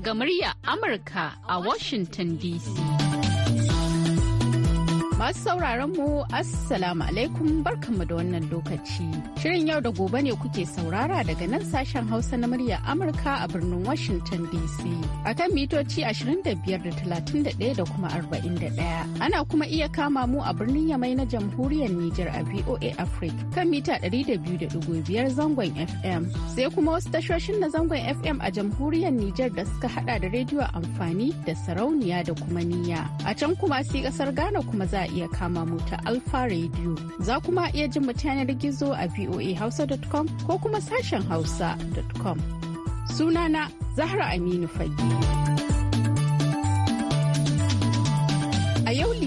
daga murya Amurka a Washington DC. Masu sauraron mu Assalamu alaikum barkanmu da wannan lokaci. Shirin yau da gobe ne kuke saurara daga nan sashen Hausa na murya Amurka a birnin Washington DC. Akan mitoci 25.31 da kuma 41. Ana kuma iya kama mu a birnin Yamai na Jamhuriyar Nijar a VOA Africa kan mita 200.5 zangon FM. Sai kuma wasu tashoshin na zangon FM a Jamhuriyar Nijar da suka hada da rediyo amfani da sarauniya da kuma niyya. A can kuma sai kasar Ghana kuma za a iya kama mu ta Alfa Radio. Za kuma iya jin mu yanar gizo a voahausa.com ko kuma sashen hausa.com. Sunana Zahra Aminu Fage.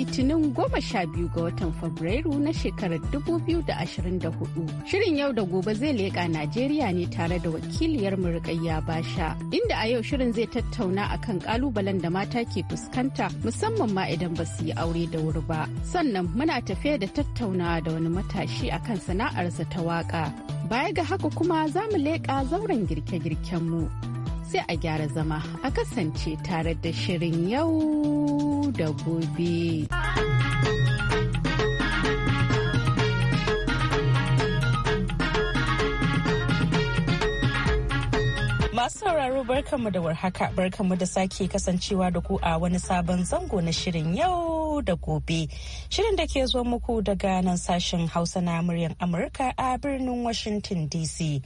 litinin goma sha biyu ga watan fabrairu na shekarar da da ashirin 2024 shirin yau da gobe zai leƙa najeriya ne tare da wakiliyar murƙayya basha inda a yau shirin zai tattauna akan kalubalen da mata ke fuskanta musamman ma idan ba su yi aure da wuri ba sannan muna tafiya da tattaunawa da wani matashi a kan sana'arsa ta waka baya ga haka kuma za mu leƙa zauren girke girken mu sai a gyara zama a kasance tare da shirin yau yau da gobe. Masu sauraro barkanmu da warhaka barkanmu da sake kasancewa da ku a wani sabon zango na shirin yau da gobe. Shirin da ke zo muku daga nan sashen Hausa na muryar Amurka a birnin Washington DC.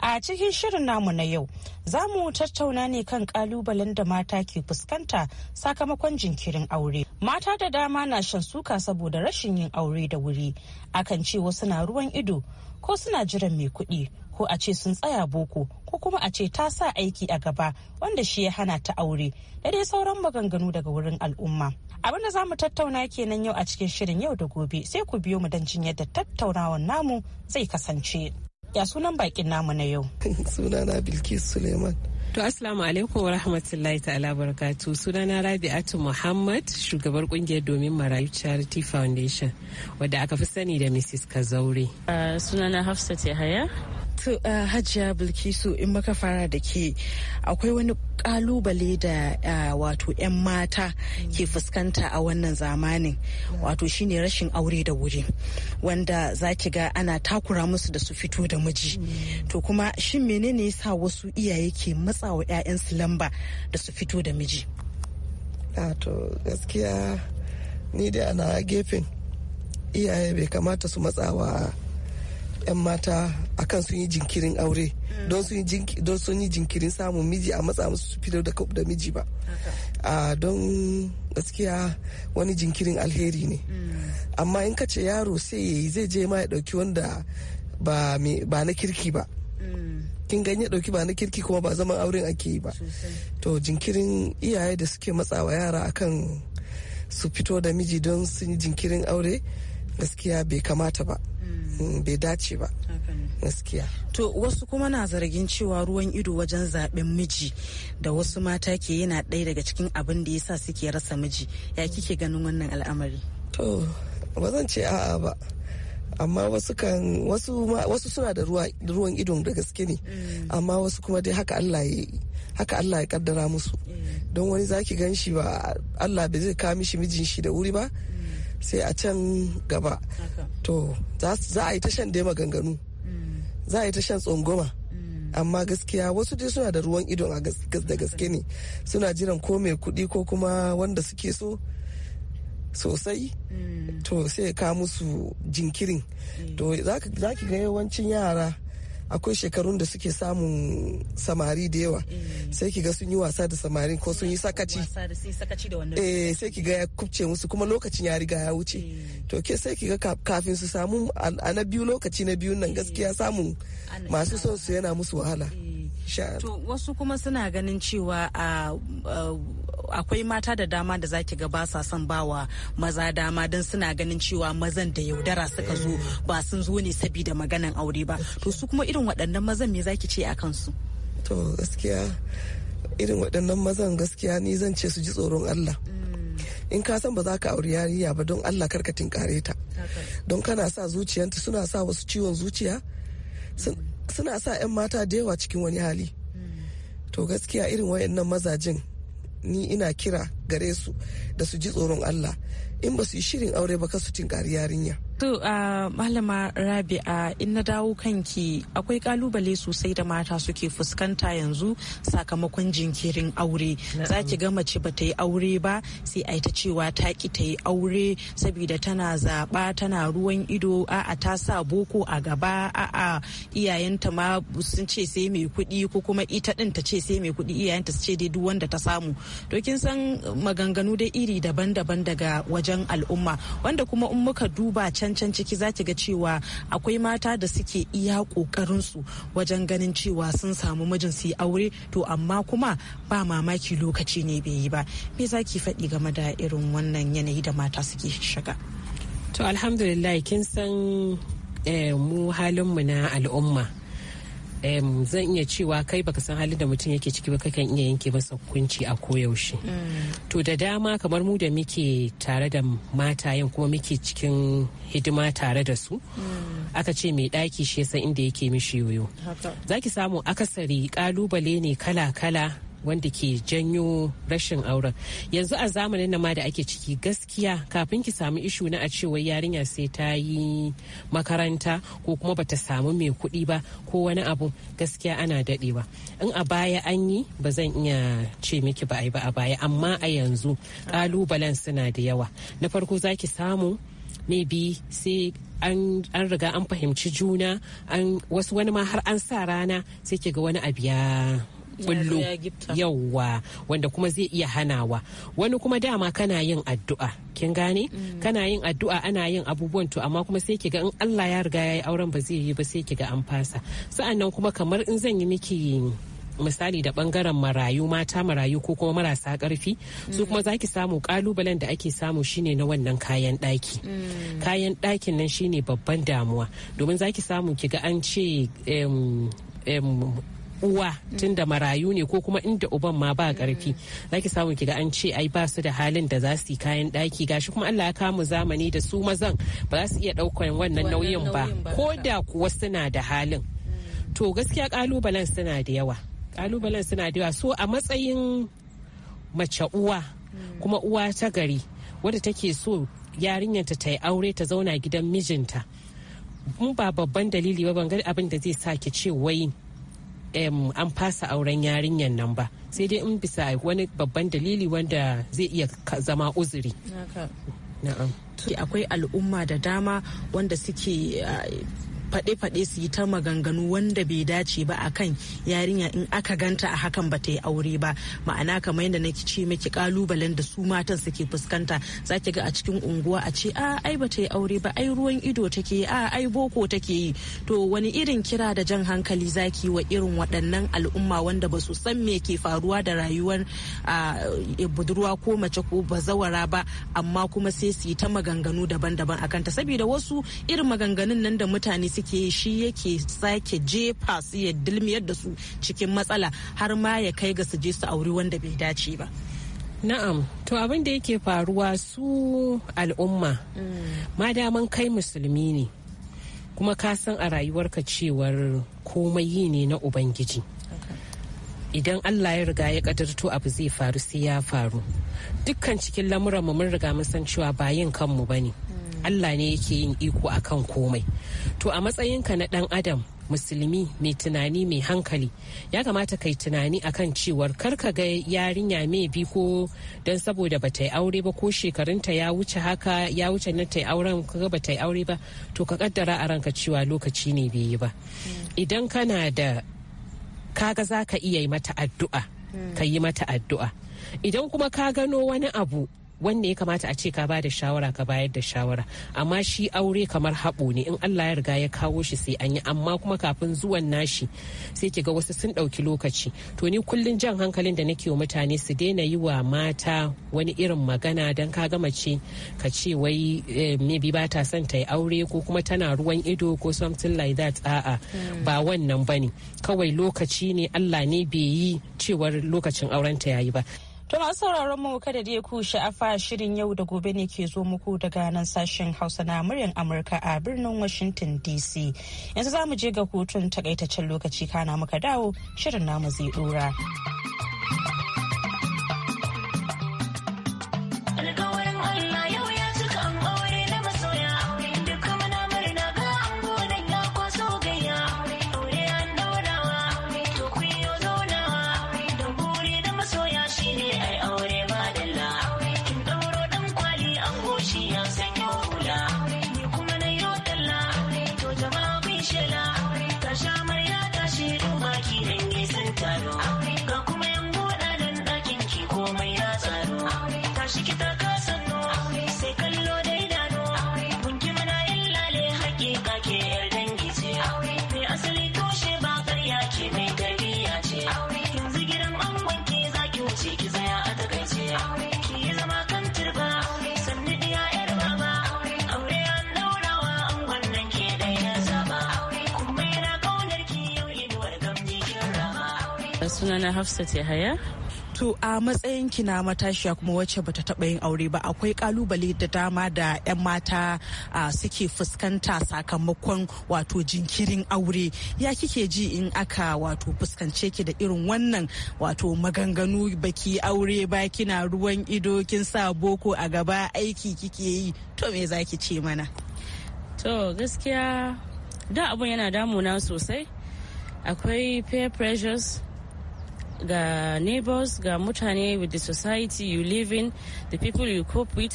A cikin shirin namu na yau, za mu tattauna ne kan kalubalen da mata ke fuskanta sakamakon jinkirin aure. Mata da dama na shan suka saboda rashin yin aure da wuri. Akan ce wasu na ruwan ido ko suna jiran mai kuɗi ko a ce sun tsaya boko ko kuma a ce ta sa aiki a gaba wanda shi ya hana ta aure da dai sauran maganganu daga wurin al'umma abin da za mu tattauna kenan yau a cikin shirin yau da gobe sai ku biyo mu don jin yadda tattaunawan namu zai kasance ya sunan bakin namu na yau sunana bilkis suleiman To Assalamu alaikum wa rahmatullahi ta'ala barakatu sunana Rabi'atu Muhammad shugabar kungiyar domin marayu Charity Foundation wadda aka fi sani da Mrs. Kazaure. Uh, sunana Hafsat Yahaya To uh, Hajiya Bilkisu in maka fara da ke akwai wani kalubale da uh, wato 'yan mata ke fuskanta a wannan zamanin wato shine rashin aure da wuri wanda za ki ga ana takura musu da su fito da miji to kuma shin menene sa wasu iyaye ke matsawa 'ya'yansu lamba da su fito da miji to gaskiya ni dai ana gefen iyaye bai kamata su matsawa 'yan mata a kan sun yi jinkirin aure don sun yi jinkirin samun miji a matsa musu su fitar da da miji ba don gaskiya wani jinkirin alheri ne mm. amma in ka ce yaro sai ya yi zai je ma ya ɗauki wanda ba na kirki ba mm. kin ganye ɗauki ba na kirki kuma ba zaman auren ake yi ba to jinkirin iyaye da suke matsawa yara akan su fito da miji don sun yi jinkirin aure gaskiya bai kamata ba hmm. Hmm, bai dace ba gaskiya to wasu kuma na zargin cewa ruwan ido wajen zaben miji da wasu mata ke yana ɗaya daga cikin abin da yasa suke rasa miji ya kike ganin wannan al'amari to ba zan ce a'a ba amma wasu kan wasu wasu suna da ruwan idon da gaske ne hmm. amma wasu kuma dai haka Allah ya haka Allah ya kaddara musu don wani zaki gan shi ba Allah bai zai kawo mishi mijin shi da wuri ba mm. sai a can gaba to za a yi ta shan dai maganganu mm. za a yi ta shan tsongoma mm. amma gaskiya wasu dai suna da ruwan idon a da gaske ne suna jiran ko mai kudi ko kuma wanda suke so sosai mm. to sai ka musu jinkirin eh. to za ki ga yawancin yara akwai shekarun da suke samun samari da yawa mm. sai ki ga sun yi wasa da samari ko sun yi sakaci eh, sai ki ga ya kubce musu kuma lokacin ya riga ya wuce mm. to ke sai ki ga kafin su samu a na biyu lokaci na biyun nan eh. gaskiya samun masu son su yana musu wahala eh. to wasu kuma suna ganin cewa a ah, ah, akwai mata da dama da zaki ga ba sa son bawa maza dama don suna ganin cewa mazan da yaudara suka zo ba sun zo ne sabida maganan aure ba to su kuma irin waɗannan mazan me zaki ce a kansu to gaskiya irin waɗannan mazan gaskiya ni zan ce su ji tsoron Allah mm. in ka san ba za ka auri yariya ba don Allah karka tinkare ta don kana sa zuciyanta suna sa wasu ciwon zuciya mm. suna sa 'yan mata da yawa cikin wani hali mm. to gaskiya irin wayannan mazajin ni ina kira gare su da su ji tsoron Allah in ba su yi shirin aure ba ka su ƙari yarinya To a malama Rabi'a in na dawo kanki akwai kalubale sosai da mata suke fuskanta yanzu sakamakon jinkirin aure. Za ki ga mace ba ta yi aure ba sai a ta cewa ta ki ta yi aure saboda tana zaɓa tana ruwan ido 'a ta sa boko a gaba a iyayenta ma sun ce sai mai kuɗi ko kuma ita ɗin ta ce sai mai kuɗi iyayenta su ce dai duk wanda ta samu. To kin san maganganu da iri daban-daban daga wajen al'umma wanda kuma in muka duba can can can ciki zaki ga cewa akwai mata da suke iya kokarin su wajen ganin cewa sun samu mijin su yi aure to amma kuma ba mamaki lokaci ne bai yi ba me zaki ki faɗi game da irin wannan yanayi da mata suke shiga to alhamdulillah kin san eh, mu halin mu na al'umma zan iya cewa kai baka san halin da mutum yake ciki ba kakan iya yanke masa hukunci a koyaushe mm. to da dama kamar mu da muke tare da mata yin kuma muke cikin hidima tare da su mm. aka ce mai ɗaki shi yasa inda yake mishi yoyo zaki samu akasari kalubale ne kala-kala wanda ke janyo rashin auren yanzu a zamanin nan ma da ake ciki gaskiya kafin ki samu ishu na a cewa yarinya sai ta yi makaranta ko kuma bata samu mai kuɗi ba ko wani abu gaskiya ana daɗewa in a baya an yi ba zan iya ce miki ba a ba a baya amma a yanzu ƙalubalen suna da yawa na farko za ki samu maybe sai an riga an fahimci juna wasu wani ma har an sa rana sai ki ga wani abu ya bullo yawwa wanda kuma zai iya hanawa wani kuma dama kana yin addu'a kin gane mm. kana yin addu'a ana yin abubuwan to amma kuma sai kiga in Allah ya riga ya yi auren ba zai yi ba sai kiga an fasa sa'annan kuma kamar in zan yi miki misali da bangaren marayu mata marayu ko kuma marasa karfi su kuma mm. zaki samu kalubalen da ake samu shine na wannan kayan daki mm. kayan dakin nan shine babban damuwa domin zaki samu kiga an ce uwa tunda marayu ne ko kuma inda uban ma ba karfi zaki samu ki kiga an ce ai ba su da halin da za su yi kayan daki gashi kuma Allah ya kamu zamani da su mazan ba za su iya daukan wannan nauyin ba ko da kuwa suna da halin to gaskiya kalubalen suna da yawa kalubalen suna da yawa so a matsayin mace uwa kuma uwa ta gari wadda take so yarinyarta ta yi aure ta zauna gidan mijinta mun ba babban dalili ba ban ga abin da zai sa ki ce wai an fasa auren yarinyar nan ba sai dai in bisa wani babban dalili wanda zai iya zama uzuri akwai al'umma da dama wanda suke eh, faɗe-faɗe su yi ta maganganu wanda bai dace ba akan yarinya in aka ganta a hakan ba ta yi aure ba ma'ana kamar yadda na ce miki kalubalen da su matan suke fuskanta za ki ga a cikin unguwa a ce a ai ba ta yi aure ba ai ruwan ido take yi a ai boko take yi to wani irin kira da jan hankali za ki wa irin waɗannan al'umma wanda ba su san me ke faruwa da rayuwar e, budurwa ko mace ko bazawara ba amma kuma sai su yi ta maganganu daban-daban akan ta saboda wasu irin maganganun nan da mutane suke shi yake sake jefa su ya dilmiyar da su cikin matsala har ma ya kai ga su je su auri wanda bai dace ba Na'am, to abin da yake faruwa su al'umma, ma daman kai musulmi ne, kuma ka san a rayuwarka cewar komai yi ne na Ubangiji. Idan Allah ya riga ya kadarto abu zai faru sai ya faru. Dukkan cikin lamuran mu mun riga mun san cewa ba yin kanmu ba ne. Allah ne yake yin iko akan komai to a matsayinka na ɗan adam musulmi mai tunani mai hankali ya kamata kai tunani akan cewar karka ga yarinya mai bi ko don saboda ba ta yi aure ba ko shekarunta ya wuce haka ya wuce na ta yi auren kaga ta yi aure ba to ka kaddara a ranka cewa lokaci ne bai yi ba mm. idan kana da kaga za ka iya yi mata addu'a mm. ka yi mata addu'a idan kuma ka gano wani abu wanne ya kamata a ce ka ba da shawara ka bayar da shawara amma shi aure kamar haɓo ne in Allah ya riga ya kawo shi sai an yi amma kuma kafin zuwan nashi sai ki ga wasu sun ɗauki lokaci to ni kullun jan hankalin da nake wa mutane su daina yi wa mata wani irin magana don ka gama ce ka ce wai eh, bi ba ta son ta yi aure ko kuma tana ruwan ido ko something like that a'a hmm. ba wannan bane kawai lokaci ne Allah ne bai yi cewar lokacin aurenta yayi ba To masu sauraron mu kada da ku sha'afa shirin yau da gobe ne ke zo muku daga nan sashen Hausa na muryar Amurka a birnin Washington DC. Yanzu zamu je ga hutun takaitaccen lokaci kana muka dawo shirin namu zai dora. sunana hafsat haya. to a matsayin ki na matashiya kuma wacce bata taba yin aure ba akwai kalubale da dama da 'yan mata suke fuskanta sakamakon wato jinkirin aure ya kike ji in aka wato fuskance ki da irin wannan wato maganganu baki aure ba kina ruwan ido kin sa boko a gaba aiki kike yi to me zaki ce mana to gaskiya da abun yana damuna sosai akwai peer pressures ga neighbors ga mutane with the society you live in the people you cope with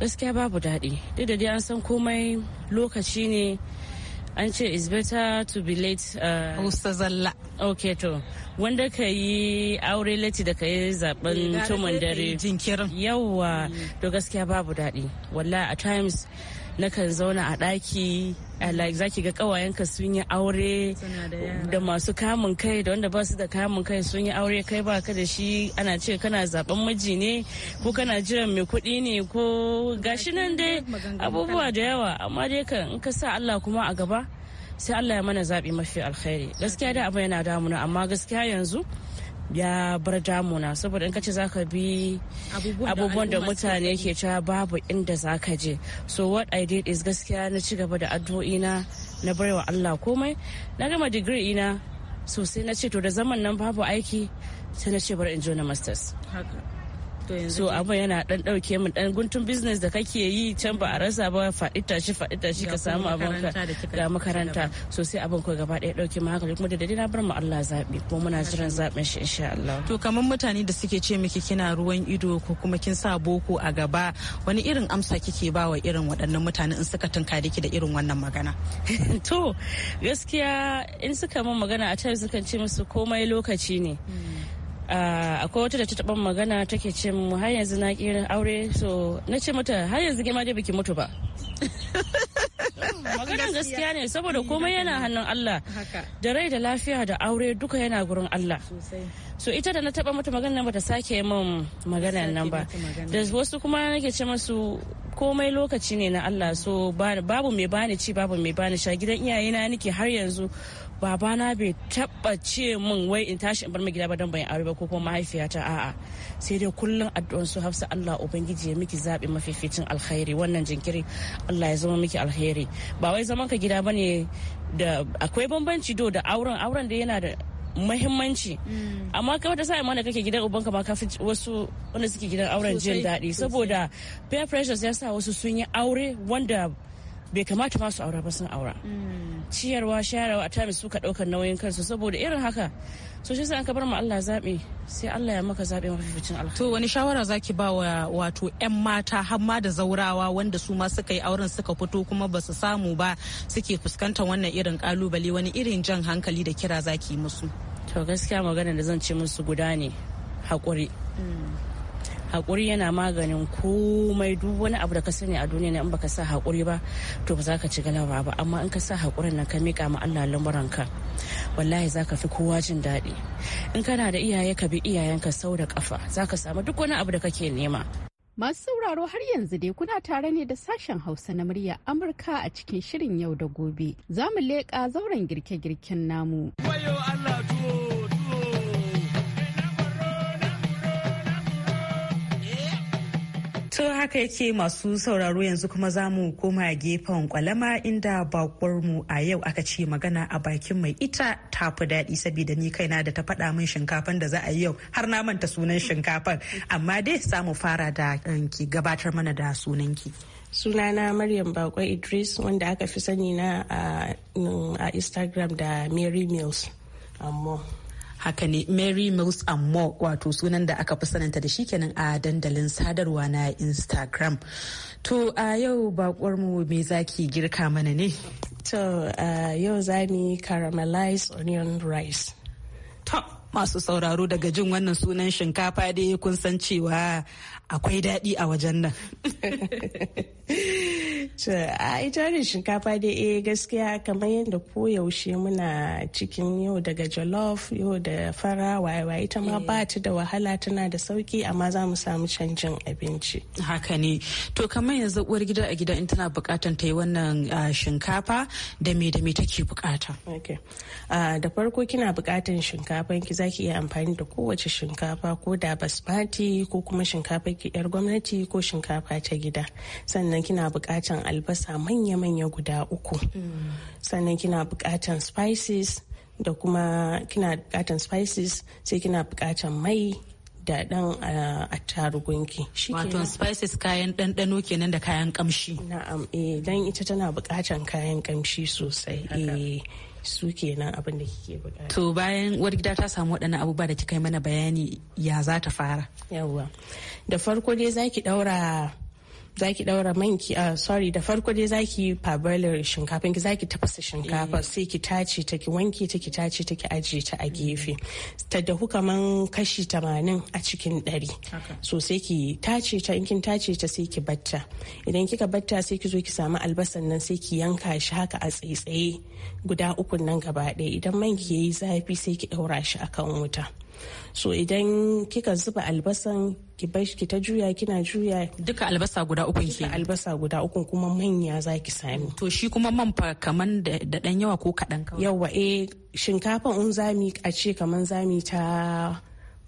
gaskiya babu daɗi duk da dai an san komai lokaci ne an ce is better to be late uh, usta zalla ok to wanda ka yi aure lati da ka yi zaben eh, tumun dare jinkirin yawa to gaskiya babu daɗi walla at times Na kan zauna a ɗaki like zaki ga kawayenka sun yi aure da masu kamun kai da wanda ba su da kamun kai sun yi aure kai ba ka da shi ana ce kana zaben miji ne ko kana jiran mai kuɗi ne ko gashi nan dai abubuwa da yawa amma dai kan in ka sa Allah kuma a gaba sai Allah ya mana zaɓi mafi alkhairi gaskiya da abin yana damuna amma gaskiya yanzu ya bar damuna saboda in kace zaka bi abubuwan da mutane ke cewa babu inda zaka je so what i did is gaskiya na ci gaba da addu'o'i na na bar wa Allah komai na gama digiri ina sosai na ce to da zaman nan babu aiki sai na ce bar in na masters so abu yana dan dauke min dan guntun business da kake yi can ba a rasa ba faɗi tashi faɗi tashi ka samu abin ka ga makaranta so sai abin ko gaba ɗaya dauke mu haka kuma da dai na bar mu Allah zabi ko muna jiran zabin shi insha Allah to kaman mutane da suke ce miki kina ruwan ido ko kuma kin sa boko a gaba wani irin amsa kike ba wa irin waɗannan mutane in suka tunka da irin wannan magana to gaskiya in suka min magana a can sukan ce musu komai lokaci ne hmm. Ah, akwai wata da ta taɓa magana take ce mu har yanzu na ƙi aure so na ce mata har yanzu dai biki mutu ba maganan gaskiya ne saboda mm, komai yana hannun Allah da rai da lafiya da aure duka yana gurin Allah so ita da na taba mata maganar bata sake min magana nan ba da wasu kuma nake ce masu komai lokaci ne na Allah so babu mai bani ci babu mai bani sha gidan iyayena nake har yanzu babana bai taba ce min wai in tashi in bar mu gida ba don ban aure ba ko kuma mahaifiyata a'a sai dai kullum addu'an su hafsa Allah ubangiji ya miki zabi mafificin alkhairi wannan jinkiri Allah ya zama miki alkhairi ba wai zaman ka gida bane da akwai bambanci do da auren auren da yana da muhimmanci mm. amma kawai da sa'a mana kake gidan ubanka ma kafi wasu wanda suke gidan auren jin daɗi saboda peer pressures ya sa wasu sun yi aure wanda bai kamata ma su aura ba sun aura mm. ciyarwa shayarwa a su suka daukar nauyin kansu saboda irin haka so shi an ka bar mu Allah zabe sai Allah ya maka zabe mafificin alkhairi to wani shawara zaki ba wa wato yan mata har ma da zaurawa wanda su ma suka yi auren suka fito kuma ba su samu ba suke fuskantar wannan irin kalubale wani irin jan hankali da kira zaki musu to gaskiya magana da zan ce musu guda ne hakuri mm. hakuri yana maganin komai duk wani abu da ka sani a duniya in baka sa haƙuri ba to ba za ka ci galaba ba amma in ka sa haƙurin nan ka miƙa ma Allah lamuranka wallahi za ka fi kowa jin daɗi in kana da iyaye ka bi iyayenka sau da kafa za ka samu duk wani abu da kake nema Masu sauraro har yanzu dai kuna tare ne da sashen Hausa na murya Amurka a cikin shirin yau da gobe. Za mu leƙa zauren girke-girken namu. Allah To haka yake masu sauraro yanzu kuma za mu koma gefen kwalama inda bakwar mu a yau aka ce magana a bakin mai ita ta fi daɗi saboda ni kaina da ta faɗa min shinkafan da za a yi yau har na manta sunan shinkafan amma dai za mu fara da eh, ki gabatar mana da sunanki. Sunana Maryam Bako Idris wanda aka fi sani na ah, mm, a Instagram da Mary Mills. Amma. Um, haka ne mary mills and more wato sunan da aka fi sananta da shi kenan a dandalin sadarwa na instagram to a yau bakwarmu me zaki girka mana ne to yau za ni caramelized onion rice masu sauraro daga jin wannan sunan shinkafa dai kun san cewa akwai daɗi a wajen nan. a ne shinkafa da eh gaskiya kamar yadda ko yaushe muna cikin yau daga jollof yau da fara wayewa ita ma eh. ba ta da wahala tana da sauki amma za mu samu canjin abinci. Haka ne. To kamar yanzu uwar gida a gida in tana bukatan ta yi wannan shinkafa da me da me take bukata. Da farko kina bukatan shinkafa ki zaki iya amfani da kowace shinkafa ko da basmati ko kuma shinkafa ki yar gwamnati ko shinkafa ta gida sannan kina bukatan albasa manya-manya guda uku sannan kina bukatan spices da kuma kina bukatan spices sai kina bukatan mai da dan ah, attarugunki wato spices kayan ɗanɗano kenan da kayan kamshi na'am eh dan ita tana bukatan kayan kamshi sosai eh su kenan abin da kike bukata. To bayan uwar gida ta samu waɗannan abubuwa da kika yi mana bayani ya za ta fara? Yawwa. Da farko dai zaki ɗaura zaki daura man ki uh, ah, sorry da farko dai zaki fabalar shinkafin ki zaki tafasa shinkafa eh. sai ki tace ta ki wanke ta ki tace ta ki ajiye ta a gefe ta dahu kaman kashi 80 a cikin 100 so sai ki tace ta in kin tace ta sai ki batta idan kika batta sai ki zo ki samu albasan nan sai ki yanka shi haka a tsaitsaye guda ukun nan gaba ɗaya idan man ki yayi zafi sai ki daura shi akan wuta so idan kika zuba albasan ki ki ta juya kina juya duka albasa guda uku ke albasa guda uku kuma manya zaki ki sami to shi kuma man fa kaman da dan yawa ko kadan kawai yawa eh shinkafa un zami a ce kaman zami ta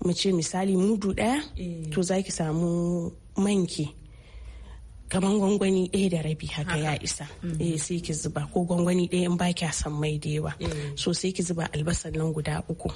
mu ce misali mudu daya eh. to zaki samu manki kaman gwangwani ɗaya da rabi haka ya isa mm-hmm. eh sai ki zuba ko gwangwani ɗaya in baki san mai da yawa eh. so sai ki zuba albasan nan guda uku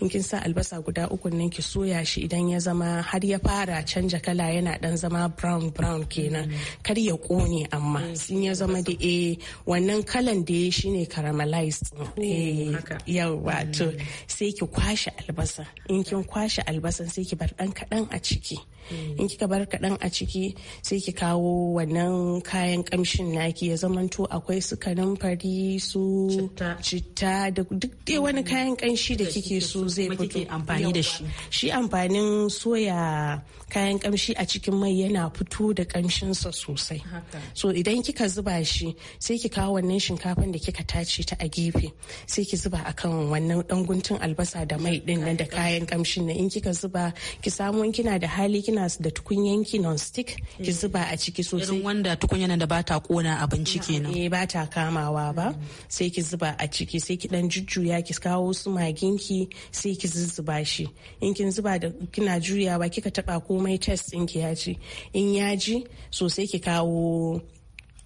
in kin sa albasa guda uku nan ki soya shi idan ya zama har ya fara canja kala yana dan zama brown brown kenan mm-hmm. kar ya kone amma Sun mm. ya zama da eh wannan kalan da ya shine caramelized oh, eh yawa to mm. sai ki kwashe albasa in kin kwashe albasan sai ki bar dan kadan a ciki in kika bar kaɗan a ciki sai ki kawo wannan kayan kamshin naki ya zamanto akwai su kanumfari su citta da duk dai wani mm. kayan kamshi da kike so zai fito amfani da shi shi amfanin soya kayan kamshi a cikin mai yana fito da ƙamshinsa sosai so idan kika zuba shi sai ki kawo wannan shinkafan da kika tace ta a gefe sai ki zuba akan wannan dan guntun albasa da mai din nan da kayan kamshin nan in kika zuba ki samu kina da hali kina kina da tukunyanki non-stick ki eh. zuba a ciki sosai. Irin wanda yana da bata ta kona abinci kenan. Eh ba ta kamawa ba mm. sai ki zuba a ciki sai ki dan jujjuya ki kawo su maginki sai ki zuzzuba shi. In kin zuba da kina juyawa kika taba komai test din ki ya In ya ji sosai ki kawo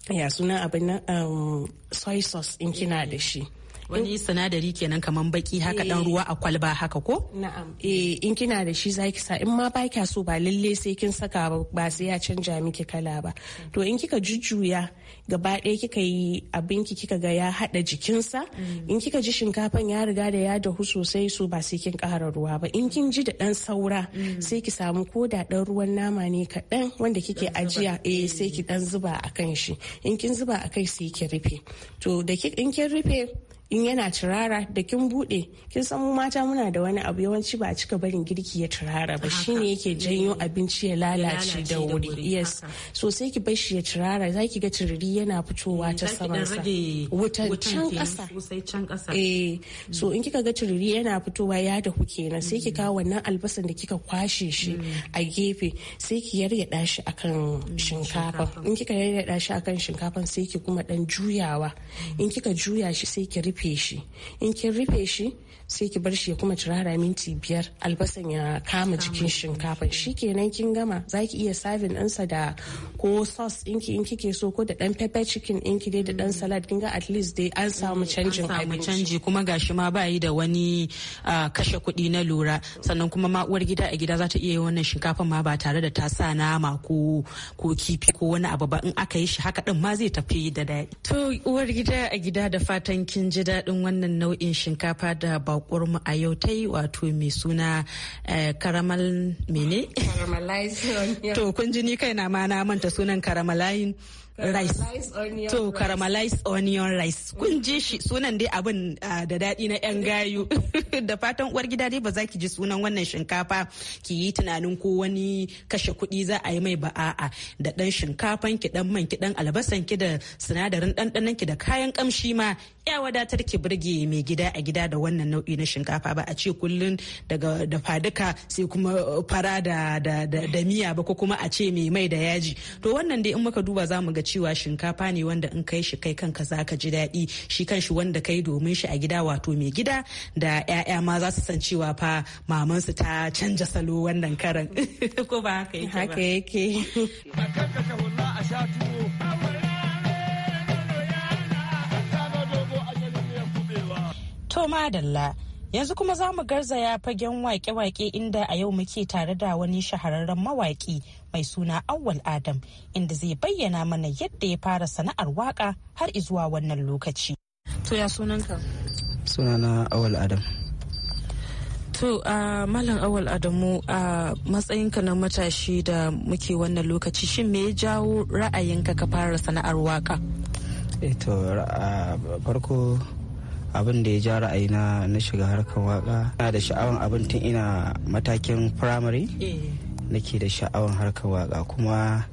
ya sunan abin nan um, soy sauce in kina da shi. wani sinadari kenan kamar baki haka dan eh. ruwa a kwalba haka ko na'am eh in kina da shi zaki sa in ma ba kya so ba lalle sai kin saka ba sai ya canja miki kala ba to in kika jujjuya gaba ɗaya kika yi abinki kika ga ya haɗa jikinsa mm. in kika ji shinkafan ya riga da ya dahu sosai so ba sai kin ƙara ruwa ba in kin ji da dan saura mm. sai ki samu ko da ɗan ruwan nama ne kaɗan wanda kike ajiya eh sai eh. ki dan zuba akan shi in kin zuba a sai ki rufe to da in kin rufe in yana turara da kin bude kin san mu mata muna da wani abu yawanci ba a cika barin girki ya turara ba shine yake janyo abinci ya lalace da wuri yes so sai ki bar shi ya turara za ki ga tururi yana fitowa eh, ta saman sa wutan can kasa eh so in kika ga tururi yana fitowa ya dahu kenan sai ki mm. kawo wannan albasan da kika kwashe shi mm. a gefe sai ki yarya shi akan mm, shinkafa in kika yarya shi akan shinkafa sai ki kuma dan juyawa in kika juya shi sai ki rufe rufe shi sai ki bar shi ya kuma turara minti biyar albasan ya kama jikin shinkafa shi kenan kin gama za ki iya sabin ɗinsa da ko sauce ɗinki in kike so ko da ɗan pepper chicken ki dai da ɗan mm. salad kin ga at least dai an samu eh, canjin abinci. canji kuma gashi ma ba da wani ah, kashe kuɗi na lura sannan kuma ma uwar gida a gida za ta iya yi wannan shinkafa ma ba tare da ta sa nama ko ko kifi ko wani abu ba in aka yi shi haka din ma zai tafi da daɗi. To uwar gida a gida da fatan kin ji daɗin wannan nau'in shinkafa da ba bakuwar mu a yau ta yi wato mai suna eh, karamal mene? To kun ji ni kai na ma na manta sunan karamalayin. rice to caramelized onion rice kun ji shi sunan dai abin ah, da daɗi na yan gayu da fatan uwar gida dai ba za ki ji sunan wannan shinkafa ki yi tunanin ko wani kashe kuɗi za a yi mai ba a'a da ɗan shinkafan ki ɗan man ki ɗan albasan ki da sinadarin ɗanɗanon ki da kayan ƙamshi ma ya wadatar ki burge mai gida a gida da wannan nau'i na shinkafa ba a ce kullun daga da faduka sai kuma uh, fara da da miya ba ko kuma a ce mai mai da yaji to wannan dai in muka duba zamu ga cewa shinkafa ne wanda in kai shi kai kanka za ka ji daɗi shi kanshi wanda kai domin shi a gida wato mai gida da 'ya'ya ma za su san cewa fa mamansu ta canja salo wannan karan ko ba haka yake ba haka yake To Dalla, yanzu kuma za mu garzaya fagen waƙe-waƙe inda a yau muke tare da wani shahararren mawaƙi mai suna Awwal Adam inda zai bayyana mana yadda ya fara sana'ar waka har izuwa wannan lokaci. To ya sunanka? Sunana Awwal Adam. To a Malam Adamu a matsayinka na matashi da muke wannan lokaci shin me ya jawo ra'ayinka ka fara sana'ar waka? Eto eh farko uh, abin da ya ja ra'ayi na na shiga harkar waka ina da sha'awan abin tun ina matakin firamare eh. nake da sha'awan harkar waka kuma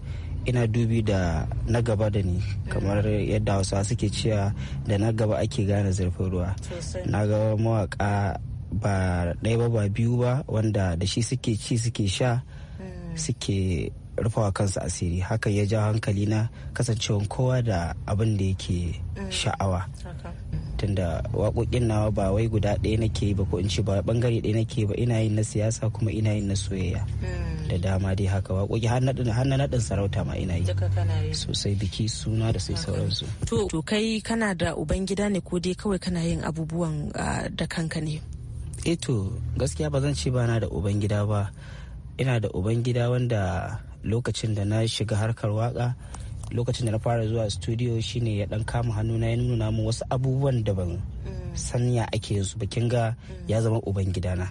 ina dubi da na gaba da ni kamar yadda hausawa suke cewa da na gaba ake gane zurfin ruwa na ga mawaka ba ɗaya ba ba biyu ba wanda da shi suke ci suke sha hmm. suke rufawa kansu asiri hakan ya ja hankali na kasancewa kowa da abin da yake hmm. sha'awa tunda waƙoƙin nawa ba wai guda ɗaya nake ba ko in ce ba bangare ɗaya nake ba ina yin na siyasa kuma ina yin na soyayya da mm. dama dai haka waƙoƙi har na naɗin sarauta ma ina yi sosai biki suna da sai sauransu. To kai kana da uban gida ne ko dai kawai kana yin abubuwan da kanka ne? Eto eh gaskiya ba zan ce ba na da uban gida ba ina da uban gida wanda lokacin da na shiga harkar waka lokacin da na fara zuwa studio shine ya dan kama hannu na ya nuna mu wasu abubuwan da ban mm. san ya ake su bakin ga ya mm. zama uban gidana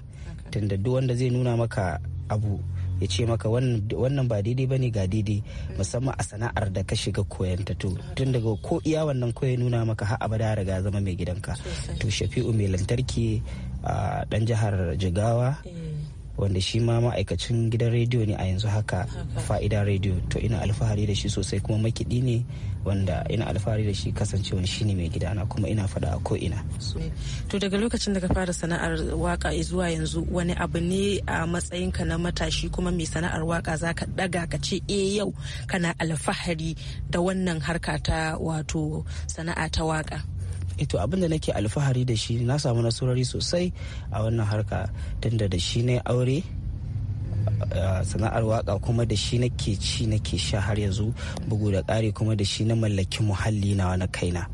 tunda duk wanda zai nuna maka abu ya ce maka wannan ba daidai ba ne ga daidai mm. musamman a sana'ar da ka shiga koyan ta to tun daga ko iya wannan koya nuna maka har abada riga zama mai gidanka to shafi'u mai lantarki a dan jihar jigawa eh. wanda shi ma ma'aikacin gidan rediyo ne a yanzu haka fa'ida rediyo to ina alfahari da shi sosai kuma makiɗi ne wanda ina alfahari da shi kasancewa shi ne mai gidana kuma ina faɗa a ko'ina. to daga lokacin da ka fara sana'ar waka zuwa yanzu wani abu ne a matsayinka na matashi kuma mai sana'ar waka za ka daga ka ce eh yau kana alfahari da wannan harka ta wato sana'a ta waka. Eh to abin da nake alfahari da shi na samu nasarori sosai a wannan harka tunda da shi ne aure sana'ar waka kuma da shi nake ci nake sha har yanzu bugu da kare kuma da shi na mallaki muhalli nawa na kaina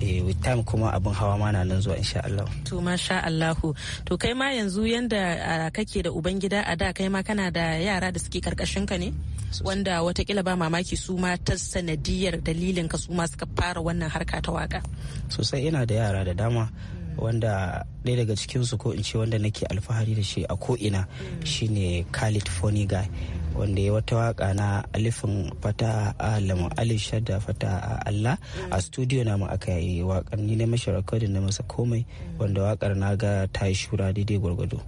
eh, with time kuma abin hawa ma na nan zuwa insha Allah. To masha Allahu. To kai ma yanzu yadda kake da ubangida a da kai ma kana da yara da suke karkashin ka ne? wanda watakila ba mamaki su ma ta sanadiyar dalilin ka su ma suka fara wannan harka ta waka sosai ina da yara da dama wanda ɗaya daga cikinsu ko in ce wanda nake alfahari da shi a ko'ina mm. shine khalid foniga wanda ya wata waka na alifin fata a alamu alif shadda fata a allah a studio na mu aka yi wakar ni na mashi rekodin na masa komai wanda wakar na ga ta yi shura daidai gwargwado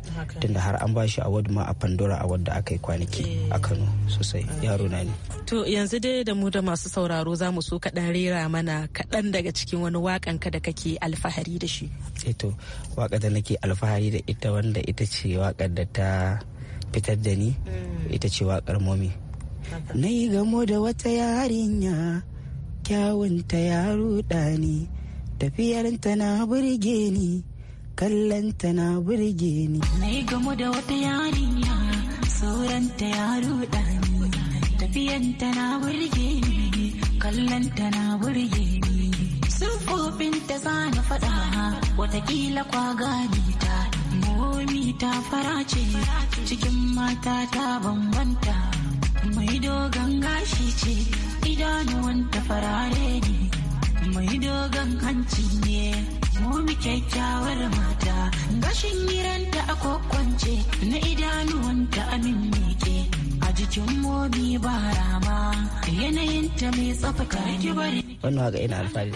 tunda har an bashi a ma a pandora a wadda aka yi kwanaki a eh. kano sosai ah. yaro na ne to yanzu dai da mu da masu sauraro za mu so kaɗan rera mana kaɗan daga cikin wani wakan ka da kake alfahari da shi eto eh waka da nake alfahari da ita wanda ita ce wakar da ta fitar da ni mm. ita ce waƙar momi na yi gamo da wata yarinya kyawunta ya ruɗa ni tafiyarta na burge ni kallonta na burge ni na yi gamo da wata yarinya sauranta ya ruɗa ni tafiyarta na burge ni kallonta na burge ni kofin ta zana faɗa watakila kwa gani ta komi ta farace ce cikin mata ta bambanta mai dogon gashi ce idanuwan ta farare ne mai dogon hanci ne momi kyakkyawar mata gashin giranta a kokwance na idanuwanta amin meke a jikin momi ba rama yanayinta mai tsafta ki bari wannan haka ina alfahari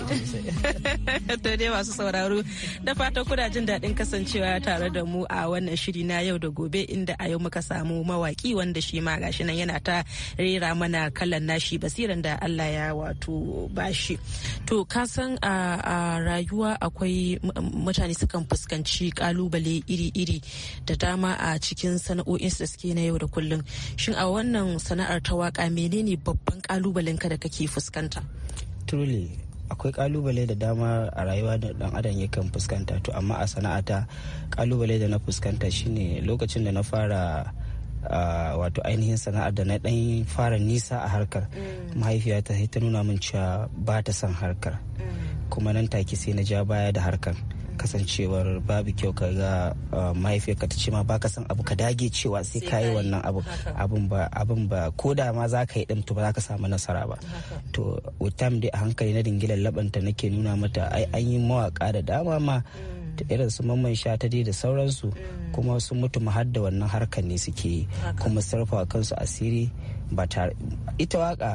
da to dai masu sauraro da fatan kuna jin daɗin kasancewa tare da mu a wannan shiri na yau da gobe inda a yau muka samu mawaki wanda shi ma gashi nan yana ta rera mana kallon nashi basiran da Allah ya wato bashi to ka san a rayuwa akwai mutane sukan fuskanci kalubale iri-iri da dama a cikin sana'o'in da suke na yau da kullum shin a wannan sana'ar ta waka menene babban kalubalen ka da kake fuskanta truly akwai kalubale da dama a rayuwa da dan adam yakan fuskanta to amma a sana'ata kalubale da na fuskanta shine lokacin da na fara Uh, wato ainihin sana'ar da na dan fara nisa a harkar mm. mahaifiyata ta nuna min cewa ba ta son harkar mm. kuma nan take sai na ja baya da harkar kasancewar babu kyau ka ga uh, mahaifiyarka ta ce ma baka san abu ka dage cewa sai ka yi wannan abu abin ba abin ba ko da ma za ka yi din to ba za ka samu nasara ba to wutam dai a hankali na dingilan labanta nake nuna mata ai an yi mawaka da dama ma mm. irin su mamman sha ta da sauransu mm. kuma sun mutu mahadda wannan harkar ne suke kuma sarrafa kansu asiri ba tare ita waka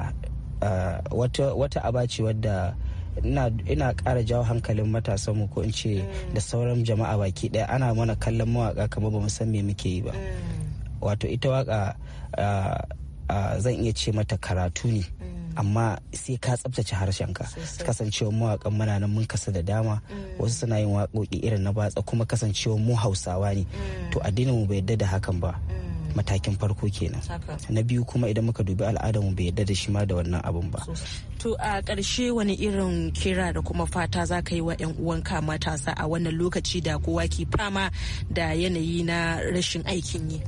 uh, wata aba wadda ina kara jawo hankalin mu ko in ce da sauran jama'a baki ɗaya ana mana kallon mawaka kamar ba mu san me muke yi ba wato ita waka zan iya ce mata karatu ne amma sai ka tsabtace harshenka kasancewar mawakan muna nan mun kasa da dama mm. wasu suna yin waƙoƙi irin na batsa kuma kasancewar mu hausawa ne mm. to addinin mu bai yadda da hakan ba mm. matakin farko kenan na biyu kuma idan muka dubi al'adar mu bai yarda da shi ma da wannan abun ba to a ƙarshe wani irin kira da kuma fata za ka yi wa 'yan uwanka matasa a wannan lokaci da kowa ke fama da yanayi na rashin aikin yi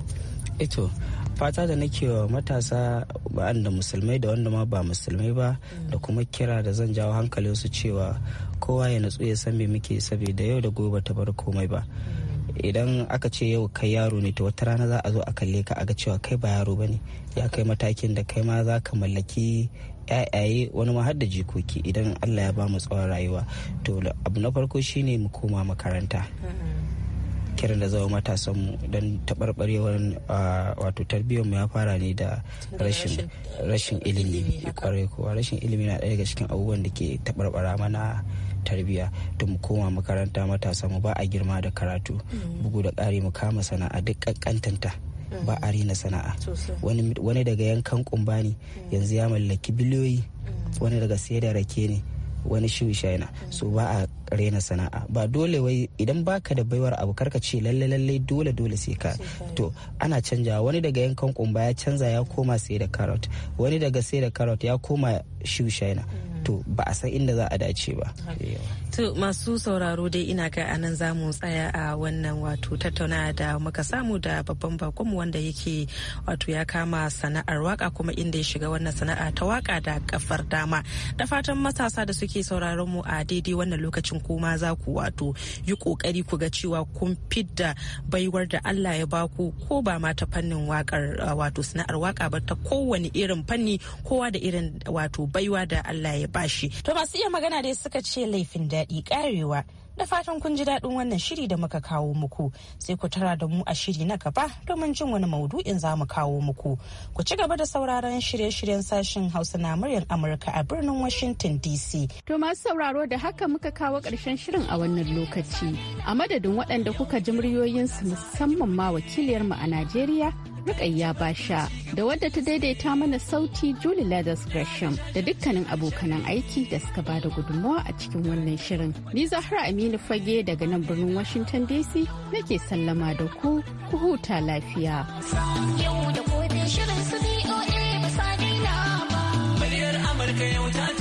ito eh fata da nake wa matasa da musulmai da wanda ma ba musulmai ba da mm. kuma kira da zan jawo hankalin su cewa kowa ya natsu ya san me muke saboda yau da gobe ta bar komai ba mm. idan aka ce yau kai yaro ne to wata rana za a zo a kalle ka a ga cewa kai ba yaro bane ya kai matakin da kai ma za ka mallaki yayaye wani ma har jikoki idan allah ya ba mu tsawon rayuwa to abu na farko shine mu koma makaranta kiran da zama matasanmu don taɓarɓarewar wato mu ya fara ne da rashin ilimi kwarai kuwa rashin ilimi na ɗaya daga cikin abubuwan da ke taɓarɓara mana tarbiyya da mu koma makaranta matasanmu ba a girma da karatu mm. bugu da ƙari mu kama sana'a duk ƙanƙantanta mm. ba a rina sana'a wani daga yankan kumba mm. yanzu ya mallaki biliyoyi wani daga sai da rake ne wani shi shaina so ba a rena sana'a ba dole wai idan baka da baiwar abu karka ce lalle lalle dole dole sai ka to ana canja wani daga yankan kumba ya canza ya koma sai da carrot wani daga sai da carrot ya koma shi shaina to ba a san inda za a dace ba To masu sauraro dai ina ga anan za mu tsaya a wannan wato tattauna da muka samu da babban bakonmu wanda yake wato ya kama sana'ar waka kuma inda ya shiga wannan sana'a ta waka da kafar dama. Da fatan matasa da suke sauraron mu a daidai wannan lokacin kuma za ku wato yi kokari ku ga cewa kun fidda baiwar da Allah ya baku ko ba ma ta fannin wakar wato sana'ar waka ba ta kowane irin fanni kowa da irin wato baiwa da Allah ya bashi. To masu iya magana dai suka ce laifin da daɗi ƙarewa da fatan kun ji daɗin wannan shiri da muka kawo muku sai ku tara da mu a shiri na gaba domin jin wani maudu'in za mu kawo muku ku ci gaba da sauraron shirye-shiryen sashen hausa na muryar amurka a birnin washington dc to masu sauraro da haka muka kawo ƙarshen shirin a wannan lokaci a madadin waɗanda kuka ji muryoyinsu musamman ma wakiliyarmu a najeriya Rukayya Basha da wadda ta daidaita mana sauti Julie Ladders Gresham da dukkanin abokanan aiki da suka ba da gudunmawa a cikin wannan shirin. Ni Zahra Aminu Fage daga nan birnin Washington DC nake sallama da ku ku huta lafiya. yau ta